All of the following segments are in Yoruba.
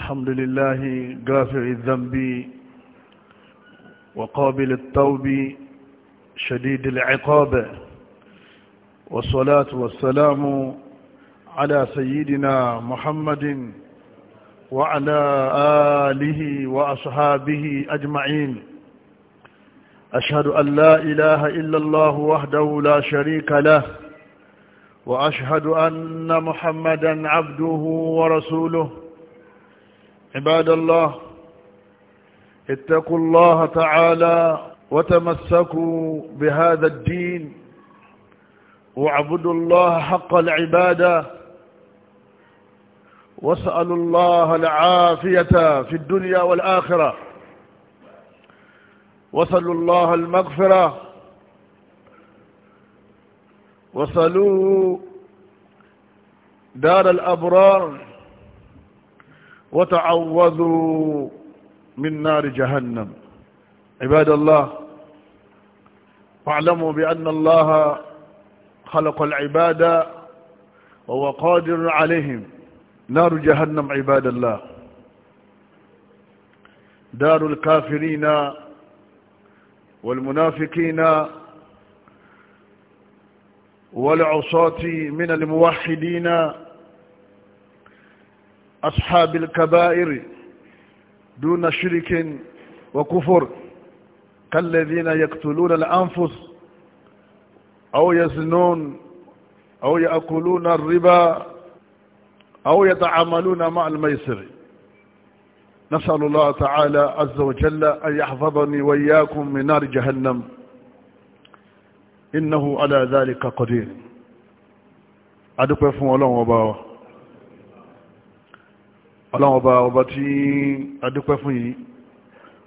الحمد لله غافر الذنب وقابل التوب شديد العقاب والصلاة والسلام على سيدنا محمد وعلى آله وأصحابه أجمعين أشهد أن لا إله إلا الله وحده لا شريك له وأشهد أن محمدا عبده ورسوله عباد الله اتقوا الله تعالى وتمسكوا بهذا الدين واعبدوا الله حق العبادة واسألوا الله العافية في الدنيا والآخرة وصلوا الله المغفرة وصلوا دار الأبرار وتعوذوا من نار جهنم عباد الله واعلموا بأن الله خلق العباد وهو قادر عليهم نار جهنم عباد الله دار الكافرين والمنافقين والعصاة من الموحدين أصحاب الكبائر دون شرك وكفر كالذين يقتلون الأنفس أو يزنون أو يأكلون الربا أو يتعاملون مع الميسر نسأل الله تعالى عز وجل أن يحفظني وإياكم من نار جهنم إنه على ذلك قدير أدوك فمولون وباوه ọlọ́run ọba ọba tí adúpẹ́ fún yìí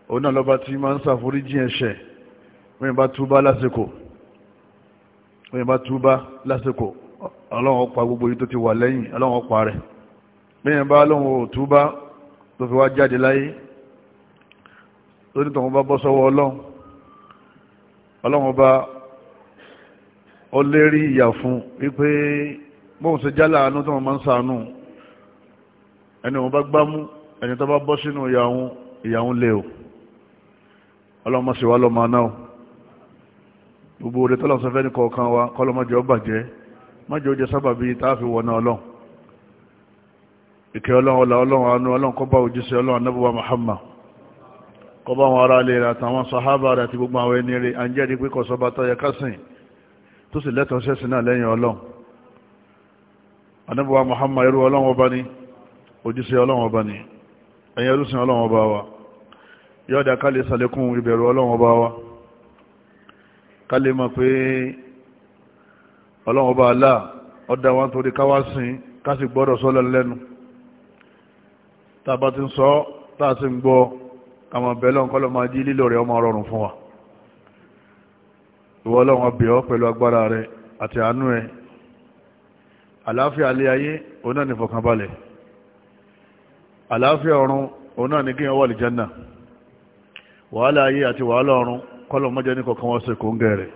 òun náà lọ́ba tí máa ń ṣàforíjì ẹ̀ṣẹ̀ wọ́n bá túbá lásìkò wọ́n bá túbá lásìkò ọlọ́run ó pa gbogbo yìí tó ti wà lẹ́yìn ọlọ́run ó pa rẹ̀ bẹ́yẹn bá ọlọ́run ò túbá tó fi wá jáde láyé lórí tọ̀hún bá bọ́ sọ́wọ́ ọlọ́run ọlọ́run ọba ó lérí ìyà fún wípé bóun ṣe jálà àánú tó wọn máa ń ṣàánú ẹni wọn bá gbámú ẹni tó bá bọ́ sínú ìyàwó ìyàwó lé o ọlọ́mọ sì wá lọ́mọ náà gbogbo òde tọ́lọ́ sọ fẹ́ni kọ̀ọ̀kan wa kọ́lọ́mọjọ́ bàjẹ́ májò jẹ sábàbí táàfi wọ̀nà ọlọ́run ìkẹ́ ọlọ́run ọlá ọlọ́run anú ọlọ́run kọ́bá òjíṣẹ́ ọlọ́run anábọ̀wá Muhammad kọ́bá àwọn ará ilé àtàwọn sàhábà rẹ̀ àti gbogbo àwọn ẹni rẹ̀ à ń jẹ́rìí pé kọ̀sọ́ba tó yẹ kásìn anábọ̀wá Muhammad irú ọlọ́run ọba ni òjíṣẹ́ ọlọ́run ọba ni ẹ̀yin ẹlúsìn ọlọ́run ọba wa yọ́dá ká lè sàlékún ìbẹ̀rù ọlọ́run ọba wa ká lè mọ̀ pé ọlọ́run ọba aláà ọdá wa torí káwá sìn ká sì gbọ́dọ̀ sọ́lẹ̀ lẹ́nu tá a bá ti ń sọ tá a ń gbọ́ àmọ́ bẹ́ẹ̀ lọ́n máa jí lílò rẹ̀ ọmọ rọrùn fún wa ìwọ ọlọ́run ọbẹ̀ ọ pẹ̀lú agbára rẹ̀ àti àánú ẹ̀ àlàáfíà alẹ́ ayé onáà ní fọkànbalẹ̀ àlàáfíà ọ̀run òun náà ní kí wọ́n wà lè jẹ́nà wàhálà ayé àti wàhálà ọ̀run kọ́lọ̀ mọ́jẹ́ ní kọ̀kan wọ́n ṣe kò ń gẹ̀rẹ̀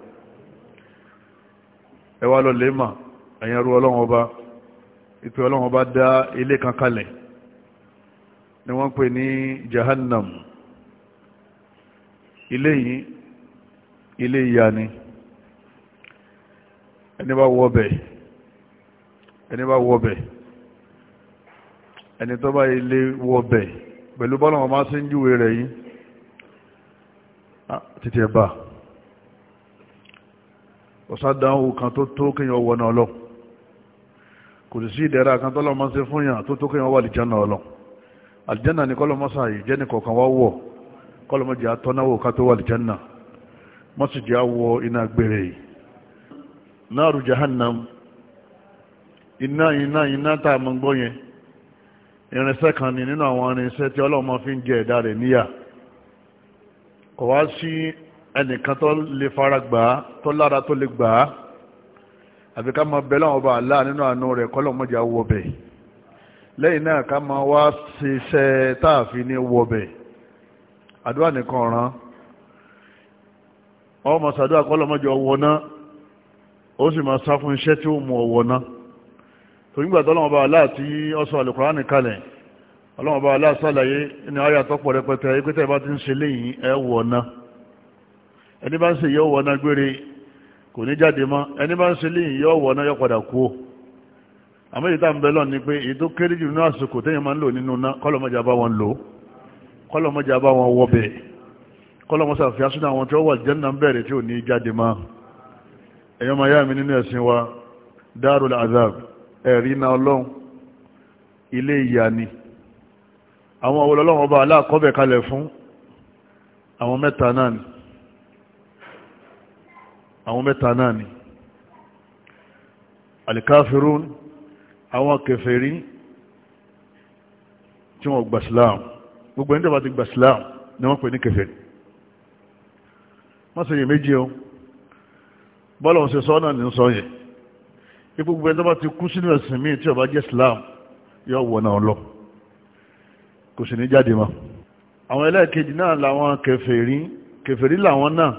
ẹ wá lọ lè mà ẹ̀yẹn ru ọlọ́run ọba ẹni tó bá ilé wọbẹ̀ pẹ̀lú bọ́lá wọn máa ń júwe rẹ̀ yìí ah, títí ẹ̀ ọ̀sádánwò kan tó tó kéèyàn wọ náà lọ kò sí ìdẹ̀ra kan tó lọ́mọ tó tó ni kọ́lọ́mọ sàyè jẹ́ nìkọ̀ọ̀kan wá wọ̀ kọ́lọ́mọ jẹ́ atọ́náwò ká tó wà sì jẹ́ awọ iná gbére yìí náàrù jahannam iná iná iná tá irinṣẹ́ kan ni nínú àwọn irinṣẹ́ tí ọlọ́mọ fi ń jẹ ẹ̀dá rẹ̀ níyà kò wá sí ẹnìkan tó lè fara gbà á tó lára tó lè gbà á àfi ká máa bẹ láwọn ọba àlá nínú àánú rẹ̀ kọ́lọ́mọjà wọbẹ̀ lẹ́yìn náà ká máa wá ṣiṣẹ́ táàfin ní wọbẹ̀ àdúrà nìkan ràn ọmọ sàdúrà kọ́lọ́mọjà wọná ó sì máa sá fún iṣẹ́ tí ó mú ọwọ́ náà nígbà tó ọlọ́wọ́n aláàtí ọsọ alùkùránì kalẹ̀ ọlọ́wọ́n aláàsàlàyé ní ayé àtọ́pọ̀ rẹpẹtẹ ìpẹ́tẹ́ bá ti ń ṣe léyìn ẹwọ̀ná ẹni bá ń ṣe yọ wọ̀ná gbére kò ní jáde mọ́ ẹni bá ń ṣe léyìn yọ wọ̀ná yọ padà kú àmọ́ ìta ń bẹ lọ ni pé ètò kéré jù nínú àsìkò téèyàn máa ń lò nínú ná kọ́lọ́mọjà bá wọn lò kọ́lọ́mọjà bá wọn wọbẹ̀ kọ́lọ́mọsà fi asúnà àwọn tí ó wà jẹ́nà ń bẹ̀rẹ̀ tí ò ní jáde mọ́ ẹ̀yọ́ yá mi nínú ẹ̀sìn wa dárul azab ẹ̀rí iná ọlọ́run ilé ìyà ni àwọn àwọn ọlọ́run ọba aláàkọ́bẹ̀ kalẹ̀ fún àwọn mẹ́ta náà ni àwọn mẹ́ta náà ni alikafirun àwọn kèfèrí tí wọ́n gbà síláàmù gbogbo ẹni tẹ́bà ti gbà síláàmù ni wọ́n pè ní kèfèrí wọ́n sì yẹ méjì o bọ́lọ̀ ń ṣe sọ́nà ní sọ́yẹ̀ ipò gbogbo ẹjọ́ bá ti kú sínú ẹ̀sìn míì tí ó jẹ́ Islam yóò wọ̀ náà lọ kò sì ní jáde mọ́ àwọn ẹlẹ́ẹ̀kejì náà làwọn kèfèrí kèfèrí làwọn náà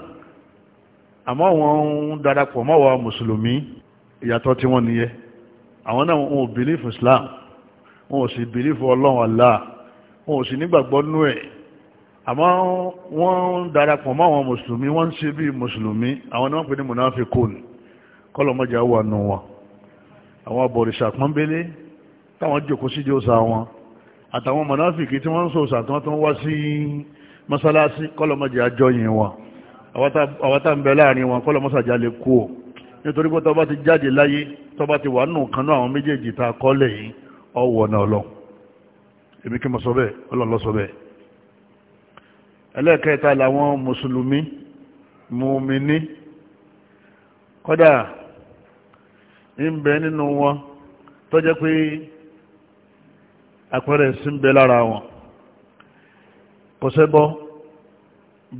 àmọ́ wọn ń darapọ̀ mọ́ wa mùsùlùmí ìyàtọ̀ tí wọ́n nìyẹn àwọn náà wọn ò bìlífù Islam wọn ò sì bìlífù ọlọ́run Allah wọn ò sì nígbàgbọ́ nú ẹ̀ àmọ́ wọ́n ń darapọ̀ mọ́ àwọn mùsùlùmí wọ́n ń ṣe bí mùsùlùmí àwọn náà pè ní mùnáfikùn kọ́lọ́mọ́jà wà nù wọn àwọn abọ̀rìṣà pọ́nbélé táwọn jòkó síjó sa wọn àtàwọn mọ̀náfìkì tí wọ́n ń sọ sàtán tó ń wá sí mọ́sálásí kọ́lọ̀mọ́jì àjọyìn wọn àwátà ń bẹ láàrin wọn kọ́lọ̀mọ́sàjá lè kú o nítorí pé tọba ti jáde láyé tọba ti wà nù kanú àwọn méjèèjì ta kọ́lẹ̀ yìí ọwọ́ náà lọ èmi kí mo sọ bẹ́ẹ̀ ọlọ́run sọ bẹ́ẹ̀ ẹlẹ́ẹ̀kẹta làwọn mùsùlùmí mùmíní kọ́dà ń bẹ nínú wọn tó jẹ́ pé àpẹẹrẹ sí ń bẹ lára wọn kò ṣẹbọ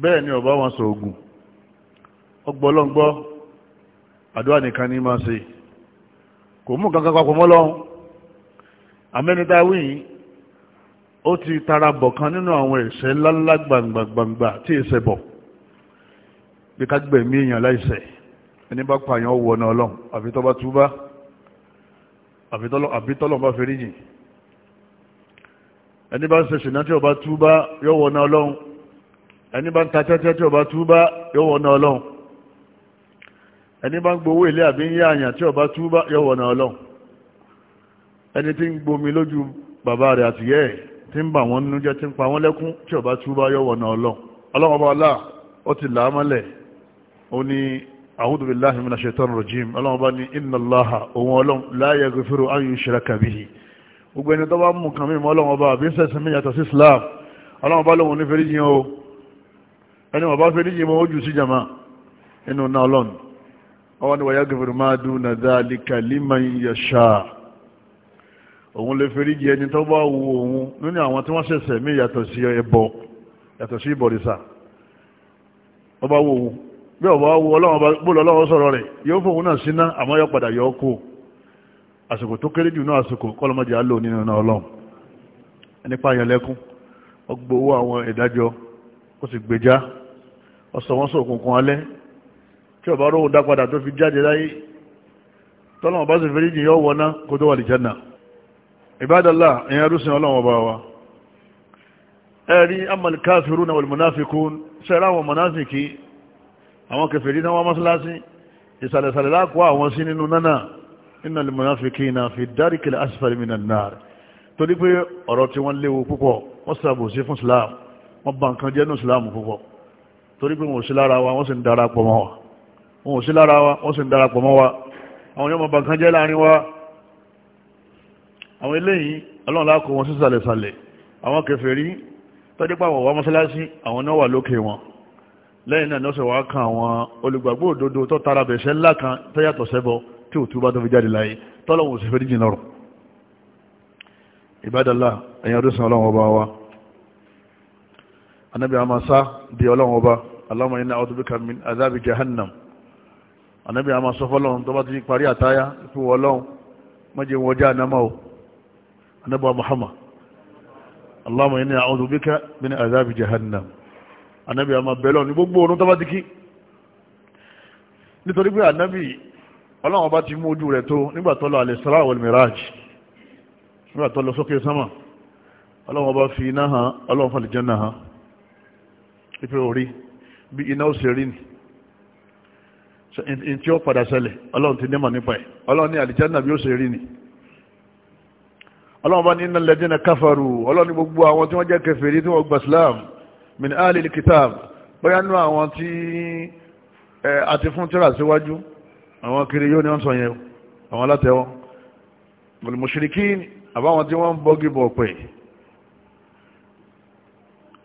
bẹ́ẹ̀ ni ọba wọn sọ̀gùn ọgbọ́lọ́gbọ́ àdúrà nìkan ní máa ṣe kò mú kankan papọ̀ mọ́ lọ́hùn amẹ́nidá wíyìn ó ti tara bọ̀ kan nínú àwọn ẹ̀ṣẹ̀ ńláńlá gbàngbàngbàngbà tí ìṣẹ̀bọ̀ bí ká èèyàn láìṣẹ̀ ẹni bá pààyàn wọ ọ̀nà ọlọ́run àfi tó bá túbá àfi tọ́lọ́run bá fẹ́rí yìn ẹni bá ń ṣe ṣìnà tí ó bá túbá yóò wọ ọ̀nà ọlọ́run ẹni bá ń ta tẹ́tẹ́ tí ó bá túbá yóò wọ ọ̀nà ọlọ́run ẹni bá ń gbowó ilé àbí ń yá àyàn tí ó bá túbá yóò wọ ọ̀nà ọlọ́run ẹni tí ń gbomi lójú bàbá rẹ̀ àtìyẹ́ ẹ̀ tí ń bà wọ́n nínú jẹ́ tí ń pa wọ́n lẹ́kún tí ó túbá yóò wọ ọ̀nà ọlọ́run ọlọ́run ọba ọlá ó ti làámọ́lẹ̀ ó ní a'udhu billahi minash shaitani rajim ọlọ́run bá ní inna Allaha òun ọlọ́run la yaghfiru an yushraka bihi gbogbo ẹni tó bá mú kan mímọ́ ọlọ́run ọba àbí sẹ́sìn mi yàtọ̀ sí Islam ọlọ́run bá lóun ní fẹ́ríjì o ẹni wọ́n bá fẹ́ríjì mọ́ ojú sí jama inú náà ọlọ́run ọwọ́ ọba wo bí ọ̀bọ̀ wo ọlọ́wọ́n bó lọ́wọ́ sọ̀rọ̀ rẹ̀ yóò fòun náà síná àmọ́ yọ padà yọ kó àsìkò tó kéré jù náà àsìkò kọ́lọ́mọdé á lò nínú náà ọlọ́run nípa àyànlẹ́kún ọgbowó àwọn ìdájọ́ ó sì gbèjá ọ̀sọ̀ wọn sọ òkùnkùn alẹ́ tí ọba róhùn dá padà tó fi jáde láyé tọ́lọ́wọ́n bá sì fẹ́rí jìn yọ wọná kó tó àwọn kèfèrí náà wọ́n mọ́sálásí ìsàlẹ̀sàlẹ̀ láàkọ́ àwọn sí nínú náà iná lè mọ̀ná fi kí iná fi dárìkìlẹ̀ asfali minan nar torí pé ọ̀rọ̀ tí wọ́n léwu púpọ̀ wọ́n sàbòsí fún islam wọ́n bà nǹkan jẹ́ ní islam púpọ̀ torí pé wọ́n sí lára wa wọ́n sì ń darapọ̀ mọ́ wa lẹ́yìn náà ni ó sì wá kan àwọn olùgbàgbọ́ òdodo tó tara bẹ̀ṣẹ̀ ńlá kan tó yàtọ̀ sẹ́bọ tí ò túbá tó fi jáde láyé tọ́lọ́wọ̀n òsì fẹ́rí jìn lọ́rọ̀ ìbádàlá ẹ̀yìn ọdún sàn ọlọ́run ọba wa anábì amasa di ọlọ́run ọba Allahumma inna a'udhu bika min adhabi jahannam anábì amasa fọlọ́run tó bá ti parí àtáyá fún ọlọ́run mọ́jẹ́ wọ jahannama o anabi àmà bẹ́lọ̀ ní gbogbo orun tọ́bá ti kí nítorí pé anabi ọlọ́run bá ti mú ojú rẹ̀ tó nígbà tó lọ al-Isra wal-Miraj nígbà tó lọ sókè sánmà ọlọ́run bá fi iná hàn ọlọ́run fàlì jẹ́ náà hàn ife orí bí iná ó ṣe rí ni in tí ó padà ṣẹlẹ̀ ọlọ́run ti nímọ̀ nípa ẹ̀ ọlọ́run ní àlìjánà bí ó ṣe rí ni ọlọ́run bá ní innal ladina kafaru ọlọ́run ní gbogbo àwọn tí wọ́n jẹ́ kèfèrí tí wọ́n gba Islam min alil kitab bóyá nínú àwọn tí a ti fún tíra síwájú àwọn kiri yóò ní wọ́n sọ yẹn àwọn alátẹ́wọ́ mùsùlùmí àbáwọn tí wọ́n ń bọ́gí bọ̀ pẹ̀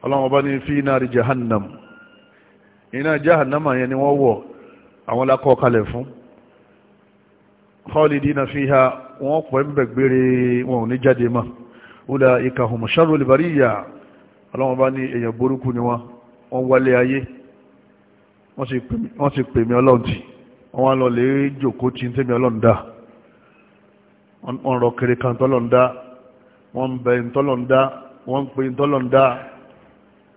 ọlọ́wọ́n bá ní fi nari jahannam iná jahannama yẹn ni wọ́n wọ̀ àwọn lákọ́ kalẹ̀ fún khalidina fiha wọ́n pẹ̀ ń bẹ̀ wọn ní jáde mọ́ wúlà ìkàhùn sharrul bariyya ọlọ́wọ́n bá ní èèyàn burúkú ni wọ́n wọ́n wálé ayé wọ́n sì pè mí ọlọ́run tì wọ́n wá lọ lè jòkó tí ń tẹ́mi ọlọ́run dá wọ́n rọ kiri kan tọ́lọ́run dá wọ́n ń bẹ tọ́lọ́run dá wọ́n ń pè tọ́lọ́run dá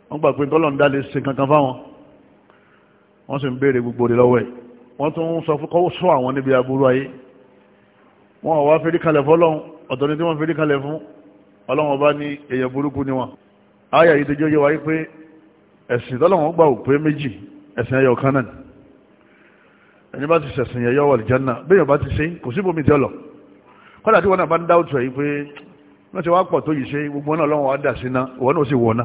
wọ́n gbà pé tọ́lọ́run dá lè ṣe kankan fáwọn wọ́n sì ń béèrè gbogbo rẹ̀ lọ́wọ́ ẹ̀ wọ́n tún ń sọ fún kọ́wọ́ sọ àwọn níbi aburú ayé wọ́n wá fẹ́rí kalẹ̀ fọ́lọ́run ọ̀tọ̀ ni tí wọ́n fẹ́rí kalẹ̀ fún ọlọ́run ọba ní èèyàn burúkú ni wọ́n ayà yìí dojú yẹ wáyé pé ẹ̀sìn tọ́lọ́wọ́n gbà òpé méjì ẹ̀sìn ẹyọ kan náà ẹni bá ti sẹ̀sìn ẹyọ wà lìjánà bẹ́ẹ̀ bá ti ṣe kò sí bomi tẹ́lọ̀ kọ́dà tí wọn náà bá ń dá òtù ẹ̀yí pé wọ́n ti wá pọ̀ tó yìí ṣe gbogbo náà lọ́wọ́n wá dà sí ná ìwọ náà ó sì wọ̀ ná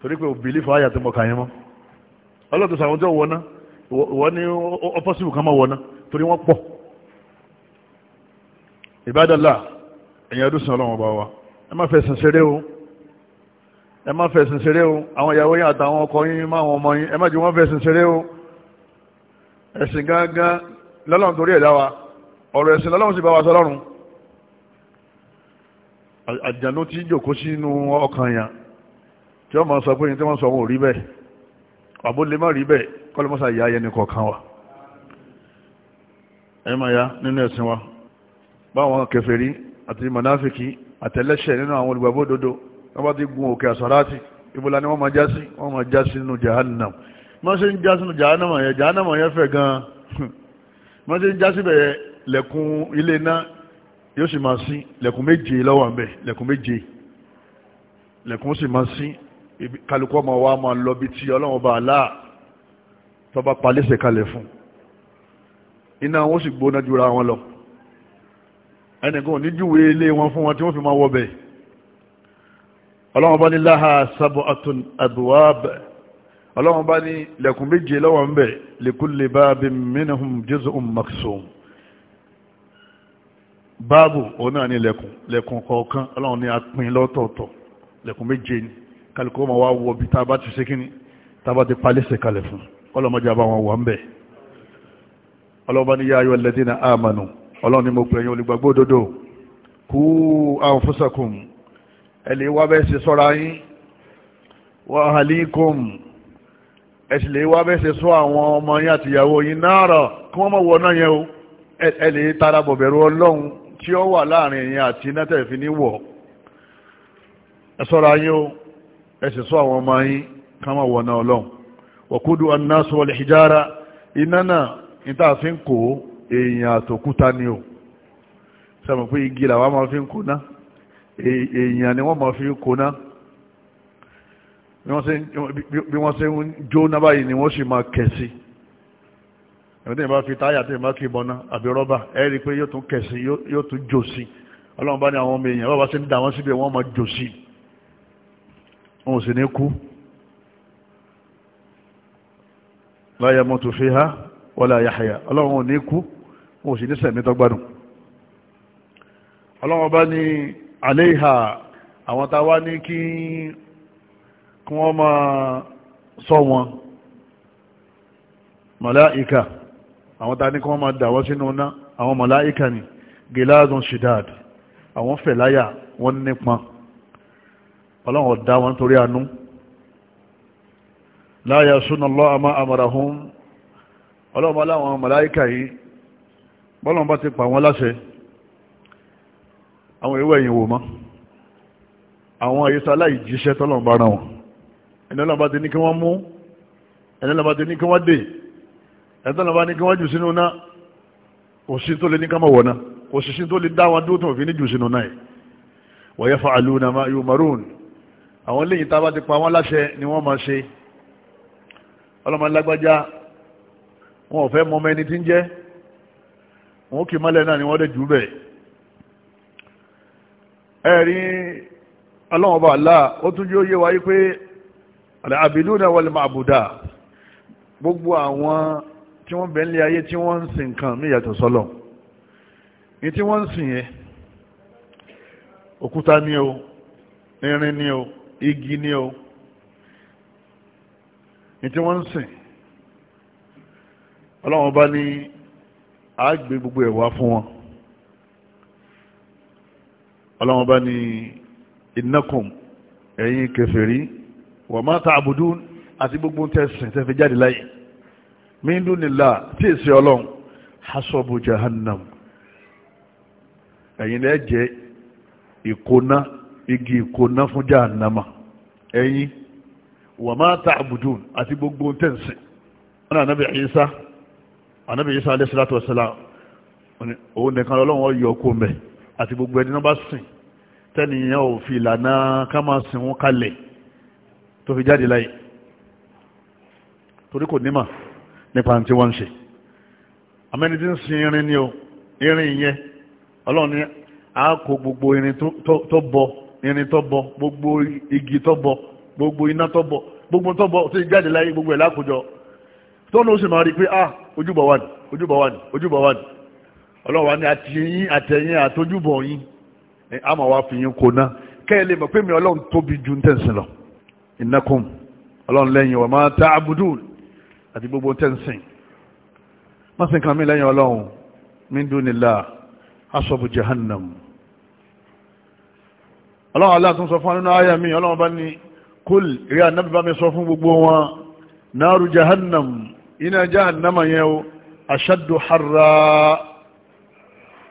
torí pé òbílí fún àyà tó mọ̀ kàyẹn mọ́ ọlọ́tọ̀ sàwọn tó wọ̀ ná ìwọ ní ọpọ́sibù kan máa wọ̀ ná torí wọ́n pọ̀ ìbádọ́là ẹ̀yìn ọdún sàn ọlọ́wọ́n bá wa ẹ má fẹ́ sàn ṣeré o ẹ má fẹ̀sìn ṣeré o àwọn ìyàwó yín àtàwọn ọkọ yín má wọn ọmọ yín ẹ má jù wọ́n fẹ̀sìn ṣeré o ẹ̀sìn gangan lọ́lọ́run torí ẹ̀dá wa ọ̀rọ̀ ẹ̀sìn lọ́lọ́run sì bá wa sọlọ́run àjànú tí jòkó sínú ọkàn yàn tí wọ́n máa sọ pé tí wọ́n sọ wọn ò rí bẹ́ẹ̀ àbó lè má rí bẹ́ẹ̀ kọ́ mọ́sá ìyá ayẹni kọ̀ọ̀kan wa ẹ máa ya nínú ẹ̀sìn wa báwọn kèfèrí àti mọ̀náfìkì àtẹlẹ́ṣẹ̀ nínú àwọn olùgbàgbọ́ òdodo wọ́n bá ti gun òkè àsàrátì ìbúlá ni wọ́n máa já sí wọ́n máa já sí nínú jahannam wọ́n ṣe ń já sínú jahannam yẹn jahannam yẹn fẹ̀ gan-an wọ́n ṣe ń já síbẹ̀ lẹ̀kùn ilé iná yóò sì máa sí lẹ̀kùn méje lọ́wọ́ àmì lẹ̀kùn méje lẹ̀kùn sì máa sí kálukú ọmọ wa máa lọ bí ti ọlọ́run bá aláà tó bá palẹ́sẹ̀ kalẹ̀ fún iná wọn sì gbóná jura wọn lọ ẹnìkan ò ní júwèé ilé wọn fún wọn tí wọ́n fi máa wọ bẹ́ẹ̀ ọlọ́run bá ní láha sab'atun abwab ọlọ́run bá ní lẹ̀kùn méje lọ́wọ́ ń bẹ̀ li kulli babin minhum juz'un maksum báàbù òun náà ní lẹ̀kùn lẹ̀kùn kọ̀ọ̀kan ọlọ́run ní apin lọ́tọ̀ọ̀tọ̀ lẹ̀kùn méje ni kálukọ́ ma wá wọ bí tá a bá ti ṣe kíní tá a bá ti ní yá ayyuhalladhina amanu mo pè yín olùgbàgbọ́ òdodo kú anfusakum ẹ̀lẹ́ wá bẹ́ẹ̀ ṣe sọ́ra yín wa ahlikum ẹ̀sìlẹ̀ wá bẹ́ẹ̀ ṣe sọ àwọn ọmọ yín àtìyàwó yín náàrọ̀ kí wọ́n mọ̀ wọ náà yẹn o ẹ̀lẹ́ tara bọ̀bẹ̀rù ọlọ́run tí ó wà láàrin yín àti nẹ́tẹ̀ fi ní wọ̀ ẹ yín o ẹ̀sìn sọ àwọn ọmọ yín kí wọ́n mọ̀ wọ náà ọlọ́run wọ̀kúdù annasu èèyàn ni wọ́n máa fi kóná bí wọ́n ṣe ń jóná báyìí ni wọ́n sì máa kẹ̀sí ẹ̀mí tí ìbá fi táyà tí ìbá kì í bọ́ná àbí rọ́bà ẹ̀ rí i pé yóò tún kẹ̀sí yóò tún jò sí ọlọ́run bá ní àwọn ọmọ èèyàn bàbá ṣe ń da wọ́n síbi wọ́n máa jò sí wọn ò sì ní kú la yamutu fiha wala yahya ọlọ́run ò ní kú wọn ò sì ní sẹ̀mí tó ọlọ́run bá ní àléhà àwọn tàwà ní kí wọ́n máa sọ wọn màláìkà àwọn tàà ní kí wọ́n máa dàwọ́ sínú ọ̀nà àwọn màláìkà ni gilazun shidad àwọn fẹ̀láyà wọ́n nípa ọlọ́run ọ̀dá wọn torí àánú láyà súnà lọ́àmà àmàràhún ọlọ́run aláwọn màláìkà yìí bọ́lọ̀ bá ti àwọn ewé ẹ̀yìn wò mọ́ àwọn àyíṣà aláìjíṣẹ́ tọ́lọ̀n bára wọn ẹ̀nẹ́lọ́bá ti ní kí wọ́n mú ẹ̀nẹ́lọ́bá ti ní kí wọ́n dè ẹ̀tọ́lọ́bá ní kí wọ́n jù sínú náà kò sí tó lè ní kámọ̀ wọ̀ná kò sí sí tó lè dá wọn dótùn òfin ní jù sínú náà wa yaf'aluna ma yu'marun ni wọ́n máa ṣe ọlọ́mọ lágbájá wọn ò fẹ́ mọ ọmọ ẹni ni wọ́n dẹ̀ ẹ̀rí ọlọ́wọ́ba aláà ó tún jí ó yé wa yí pé àbìlú náà wọlé máa bùdá gbogbo àwọn tí wọ́n bẹ̀ ń lé ayé tí wọ́n ń sin nǹkan ní ìyàtọ̀ sọ́lọ̀ ní tí wọ́n ń sin yẹn òkúta ni o irin ni o igi ni o ní tí wọ́n ń sin ọlọ́wọ́ba ní àgbè gbogbo ẹ̀wà fún wọn ọlọ́wọ́n bá ní innakum ẹ̀yin kèfèrí wa ma ta'budun àti gbogbo tẹ̀sìn tẹ́fẹ́ jáde láyé min dunillah tí ì sí ọlọ́run hasabu jahannam ẹ̀yin lẹ́ jẹ́ ìkóná igi ìkóná fún jahannama ẹ̀yin wa ma ta'budun àti gbogbo tẹ̀sìn wọn náà nàbẹ̀ Isa ànàbẹ̀ Isa alayhi salatu wa òun nìkan ọlọ́run ọ̀yọ́ kó mẹ́ẹ̀ àti gbogbo ẹni náà bá sìn tẹ́nìyàn ò fi ìlànà ká máa sìn wọn kalẹ̀ tó fi jáde láyé torí kò nímà nípa tí wọ́n ń ṣe amẹ́ni tí ń sin irin ni o irin yẹn ọlọ́run ní a kó gbogbo irin tó bọ irin tó bọ gbogbo igi tó bọ gbogbo iná tó bọ gbogbo tó bọ tó jáde láyé gbogbo ẹ̀ lákòjọ tó ló sì máa rí pé ah ojúbọ wà ní ojúbọ wà ní ojúbọ wà ní ọlọ́wà ní àtìyìn àtẹ̀yìn àtójúbọ̀ yín a máa wá fi yín kóná kẹ́ẹ̀lẹ́ mọ̀ pé mi ọlọ́run tóbi ju ń tẹ̀sìn lọ ìnákùn ọlọ́run lẹ́yìn wa máa ta àbùdù àti gbogbo tẹ̀sìn má sì kàn mí lẹ́yìn ọlọ́run min dunillah asọ́bù jahannam ọlọ́run aláà tún sọ fún nínú àyà mi ọlọ́run bá ní kúl rí ànábì bá mi sọ fún gbogbo wọn náàrú jahannam iná jahannama yẹn o ashaddu harra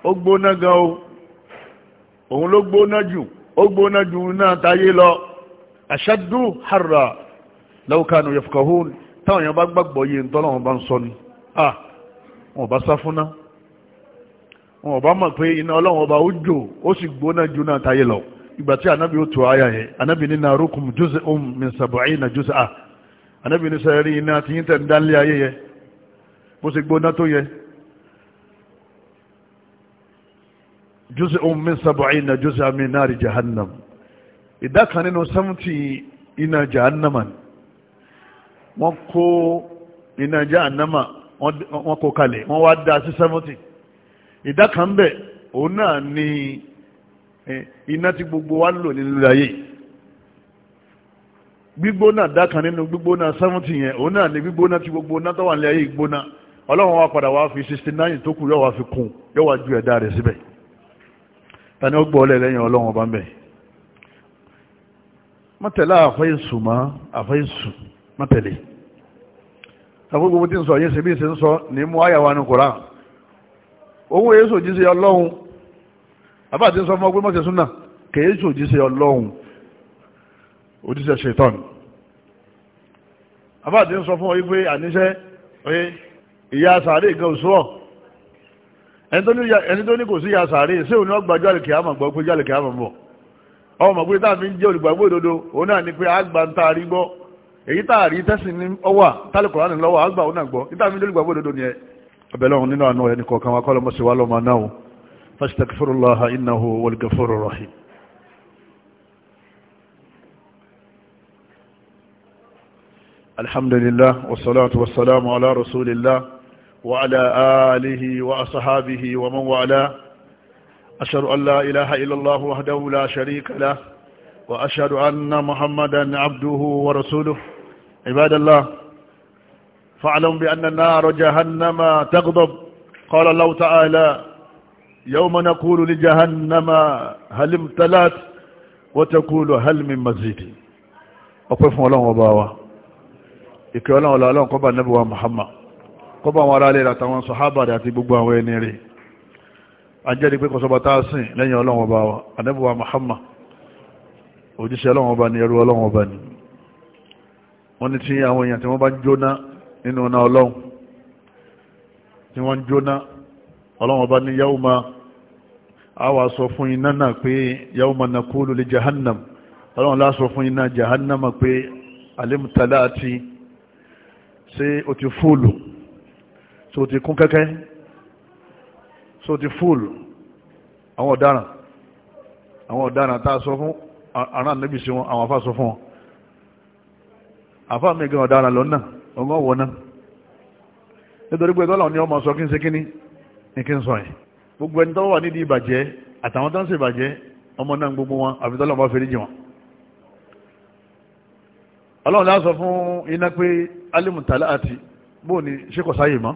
ó gbóná gan o òun ló gbóná jù ó gbóná jù náà táyé lọ ashaddu harra law kanu táwọn èèyàn bá gbàgbọ́ yé bá ń sọ ni wọn bá sá fúnná wọn bá mọ̀ pé iná ọlọ́wọ́n ọba ó jò ó sì gbóná jù náà táyé lọ ìgbà tí ó juz'un min جزء min sab'ina juz'an min nari jahannam ìdá kan nínú sẹ́mùtì إنا jahannama wọ́n إنا iná jahannama wọ́n kó kalẹ̀ wọ́n wá dá sí sẹ́mùtì ìdá kan bẹ̀ òun náà ni iná tí gbogbo wa lò nílùú ayé gbígbóná dá kan nínú gbígbóná sẹ́mùtì yẹn òun náà ni gbígbóná tí gbogbo náà tó wà nílẹ̀ ayé gbóná ọlọ́run wa padà wá fi sixty nine tó kù yóò wá fi kún yóò wá ju ẹ̀dá rẹ̀ síbẹ̀. ni ó gbọ́ lẹ́lẹ́yìn ọlọ́run ọba mẹ́ mọ́tẹ̀lá àfẹ́sù mọ́ àfẹ́sù mọ́tẹ̀lẹ̀ sàkókò gbogbo tí ń sọ yín bí ṣe ń sọ ní mú àyàwó ní kòrá òun èyí sòjí sí ọlọ́run àbá àti sọ fún ọgbẹ́ mọ́tẹ̀ súnà kèyí sòjí sí ọlọ́run òjíṣẹ́ ṣetán àbá àti sọ fún ọ àníṣẹ́ ìyá sàárè gan òṣùwọ̀n ẹni tó ní kò sí ya sàárè sí òní ọgbà jálìkì àmà gbọ́ pé jálìkì àmà bọ̀ ọmọ pé táàmì jẹ́ olùgbàgbọ́ òdodo òun náà ni pé àgbà ń taari gbọ́ èyí táàrí tẹ́sìn ní ọwà tálíkọ̀ọ́ ní lọ́wọ́ àgbà òun náà gbọ́ ìtàmì jẹ́ olùgbàgbọ́ òdodo ni ẹ abẹ́lẹ́ ọ̀hún nínú àánú ẹni kọ̀ọ̀kan wa kọ́lọ́mọ́ sí wa وعلى آله وأصحابه ومن والاه أشهد أن لا إله إلا الله وحده لا شريك له وأشهد أن محمدا عبده ورسوله عباد الله فاعلم بأن النار جهنم تغضب قال الله تعالى يوم نقول لجهنم هل امتلات وتقول هل من مزيد أقف الله وباوا يكي الله ولا الله نبوة محمد kó bá àwọn ará lè ràtàwọn sọ̀hábà rẹ̀ àti gbogbo àwọn ẹni rẹ̀ ajẹ́rí pé kọsọba táàsìn lẹ́yìn ọlọ́wọ́n ọba wa anẹ́bùwa Muhammad òjíṣẹ́ ọlọ́wọ́n ọba ni ẹrú ọlọ́wọ́n ọba ni wọ́n ni tí àwọn èèyàn tí wọ́n bá ń jóná nínú ọ̀nà ọlọ́run tí wọ́n ń ọlọ́wọ́n jahannam ọlọ́wọ́n lá sọ fún iná jahannam pé so ti kún kẹ́kẹ́ so ti fúl àwọn ọ̀daràn àwọn ọ̀daràn tá a sọ fún ara níbi sí wọn àwọn afá sọ fún wọn àfá mi gan ọ̀daràn lọ́nà ọgbọ́n wọ̀nà nítorí pé tọ́lá ní ọmọ sọ kí n ṣe kí ní kí n sọ yìí gbogbo ẹni tó wà nídìí ìbàjẹ́ àtàwọn tó ń ṣe ìbàjẹ́ ọmọ náà gbogbo wọn àfi tọ́lá bá fèrè jì wọn ọlọ́run lá fún iná pé alimu àti bóò ni ṣé kò sáyè mọ́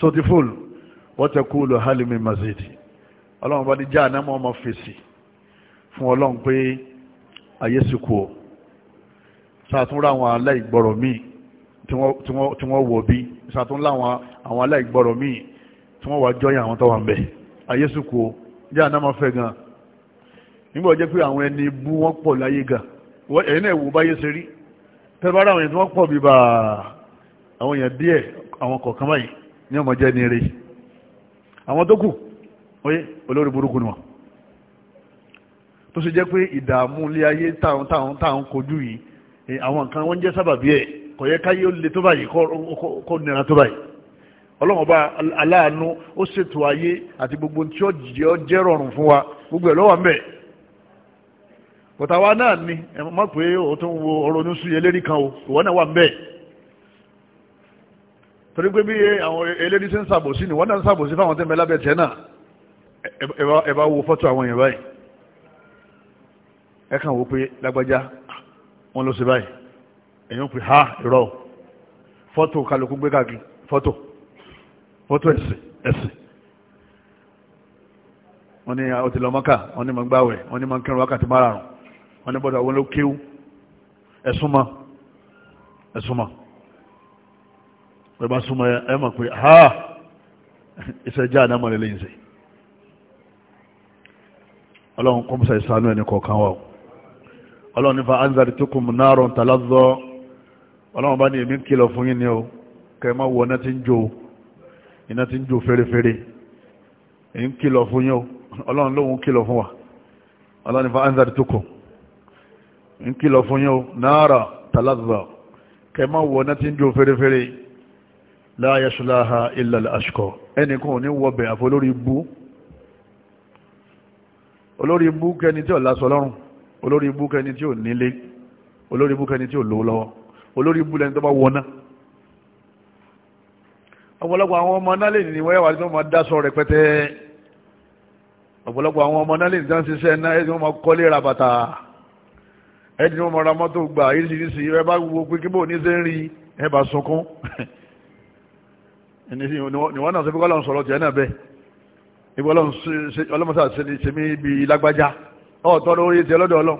so ti fúlù wọ́tẹ̀ kú lọ hálìmí mazidi ọlọ́run bá ní já ànámọ́ ọmọ fèsì fún ọlọ́run pé ayé sì kú ọ sàtúnra àwọn aláìgbọ̀rọ̀ míì tí wọ́n wọ̀ bí sàtúnra àwọn aláìgbọ̀rọ̀ míì tí wọ́n wà jọyìn àwọn tọ́wà ń bẹ̀ ayé sì kú ọ já ànámọ́ fẹ́ gan nígbà jẹ́ pé àwọn ẹni bú wọ́n pọ̀ láyé gan ẹ̀yin náà wò báyé ṣe rí tẹ́lẹ̀ àwọn èèyàn tí wọ́n pọ̀ bí bá àwọn èèyàn díẹ̀ àwọn kọ̀ọ̀kan báyìí ní ọmọ jẹ́ ní eré àwọn tó kù oyé olórí burúkú ni wọn tó ṣe jẹ́ pé ìdààmú ilé ayé táwọn táwọn táwọn kojú yìí àwọn nǹkan wọ́n jẹ́ sábàbí ẹ̀ kò yẹ káyé ó le tó báyìí kó nira tó báyìí ọlọ́run ọba aláàánú ó ṣètò ayé àti gbogbo tí ó jẹ́ ọ jẹ́ rọrùn fún wa gbogbo ẹ̀ lọ́wọ́ ń bẹ̀ náà ni ẹ má pé òun tó wo ọ̀rọ̀ oníṣúyẹ lérí kan o ìwọ náà wà ń torí pé bí àwọn eléyìí ṣe ń ṣàbòsí ni wọ́n náà ń ṣàbòsí fáwọn tẹ́ńbẹ́ lábẹ́ tẹ́ náà ẹ bá wo fọ́tò àwọn èèyàn báyìí ẹ kàn pé lágbájá wọn ló ṣe báyìí èèyàn pè ha irọ́ fọ́tò kálukú gbé káàkiri fọ́tò fọ́tò ẹ̀sìn ẹ̀sìn wọ́n ní ó ti lọ Mákà wọ́n ní máa gbààwẹ̀ wọ́n ní máa wákàtí márùn wọ́n ní bọ́dọ̀ àwọn ló kéwú ẹ̀sùn mọ́ pẹ̀lú bá súnmọ́ ẹ mọ̀ pé ha iṣẹ́ já àdámọ̀ lè léyìn sí ọlọ́run kọ́mùsà ìsànú ẹni kọ̀ọ̀kan wà ọlọ́run nífa anzari tó kùn náàrùn tàlázọ́ ọlọ́run bá ní èmi kìlọ̀ fún yín ni ó kẹ́ máa wọ iná tí ń jó fèrèfèrè èyí kìlọ̀ fún yín ó ọlọ́run lóhun kìlọ̀ fún wa ọlọ́run nífa anzari tó kùn ń kìlọ̀ fún yín ó náàrà tàlázọ́ kẹ́ máa wọ iná tí ń jó fèrèfèrè la yaslaha illa al-ashqa ẹnìkan ò ní wọbẹ̀ àfọ olórí ibú olórí ibú kẹni tí ò lásọ lọ́rùn olórí ibú kẹni tí ò nílé olórí ibú kẹni tí ò lówó lọ́wọ́ olórí ibú lẹni tó bá wọná ọ̀pọ̀lọpọ̀ àwọn ọmọ nálẹ̀ ní wọ́n yàwá tí wọ́n máa dáṣọ rẹpẹtẹ ọ̀pọ̀lọpọ̀ àwọn ọmọ nálẹ̀ tí wọ́n ṣiṣẹ́ náà ẹni wọ́n máa kọ́lé ra bàtà ẹni wọ́n máa ra mọ́tò gbà irisirisi ẹ bá wo pé kíbò ní sẹ́ńrì ẹ bá sunkún níwọ́n náà sọ pé kọ́lọ́n sọ̀rọ̀ tiẹ̀ náà bẹ́ẹ̀ ibi ọlọ́mọsá sẹ́mi ibi lágbájá ọ̀tọ́rọ̀ orí ti ọlọ́dọ̀ ọlọ́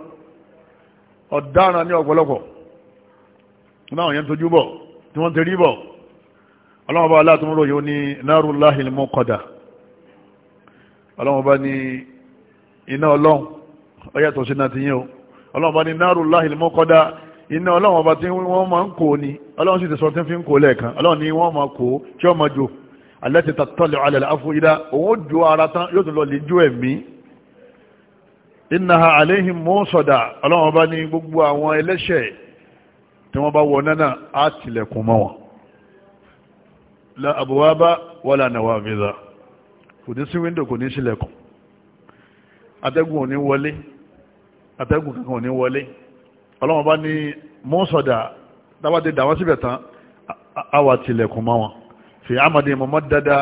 ọ̀daràn ní ọ̀pọ̀lọpọ̀ náà yẹn tójú bọ̀ tí wọ́n ti rí bọ̀ ọlọ́mọba alátúmúrò yóò ní náàrú láhìlì mọ́ kọ̀dà ọlọ́mọba ní iná ọlọ́run ọyàtọ̀ sí náà ti yẹn o ọlọ́mọba ní náàrú láhìlì mọ́ kọ̀dà iná ọlọ́run ọba tí wọ́n máa ń kó ni ọlọ́run sì ti sọ tí fi ń kó lẹ́ẹ̀kan ọlọ́run ni wọ́n máa kó tí ó jò alẹ́tì tàtọ́lẹ̀ alẹ́ àfún òun ó ara tán yóò tún lọ lè jó ẹ̀mí innaha alayhim mọ́sọ̀dà ọlọ́run ọba ní gbogbo àwọn ẹlẹ́ṣẹ̀ tí wọ́n bá wọ náà á tilẹ̀kùn mọ́ wọn ọlọ́wọ́n bá ní mọ́sọ̀dà dábàdé dàwọn síbẹ̀ tán àwà tilẹ̀kùn mọ́ wọn fi amadi mọ́mọ́ dada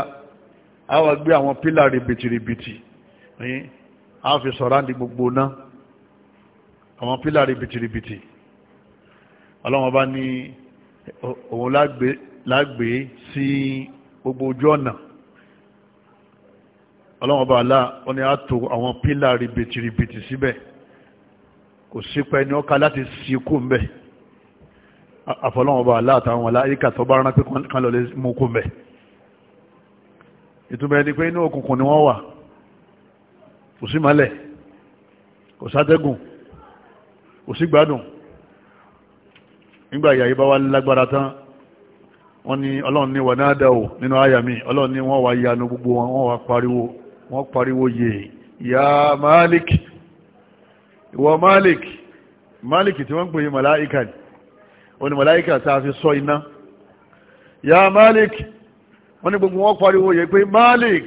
àwà gbé àwọn pílà rìbìtìrìbìtì ní àfi sọ̀rọ̀ àǹdí gbogbo náà àwọn pílà rìbìtìrìbìtì ọlọ́wọ́n bá ní òun lágbé sí gbogbo ojú ọ̀nà ọlọ́wọ́n bá lá ó ní àtò àwọn pílà rìbìtìrìbìtì síbẹ̀. Si kò sí pẹ́ ní ọkà láti síkú mbẹ̀ àfọlọ́wọ́n bá aláàtàwọn aláìkà tó bá rán pé kan lọ lè mú kú mbẹ̀ ìtumọ̀ ẹni pé inú òkùnkùn ni wọ́n wà kò sí malẹ̀ kò sátẹ́gùn kò sí gbádùn nígbà ìyàyí bá wá lágbára tán wọ́n ní ọlọ́run ní wọ̀nádà ò nínú àyà ọlọ́run ní wọ́n wá yanu gbogbo wọn wọ́n wá pariwo wọ́n pariwo ya Malik ìwọ malik malik tí wọ́n pè màláíkà ni o ni màláíkà tá a fi sọ iná ya malik wọ́n ni gbogbo wọn pariwo yẹ pé malik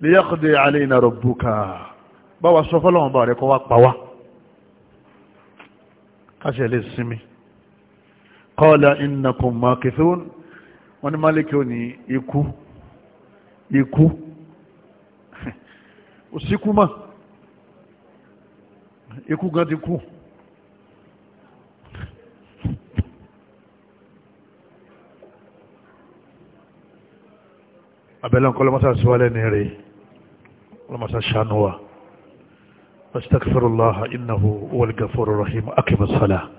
li yaqdi alayna rabbuka báwa sọ fọ́lọ́wọ́n bá rẹ̀ kọ́ wá pa káṣẹ̀ lè sinmi qala innakum makithun wọ́n ni malik ò ní ikú ikú òsíkú máa ikú gan ti kú abẹ́lẹ́ nǹkan lọ́mọ́sá síwálẹ̀ ní rẹ̀ lọ́mọ́sá ṣánúwà واستغفر الله إنه هو الغفور الرحيم أقم الصلاة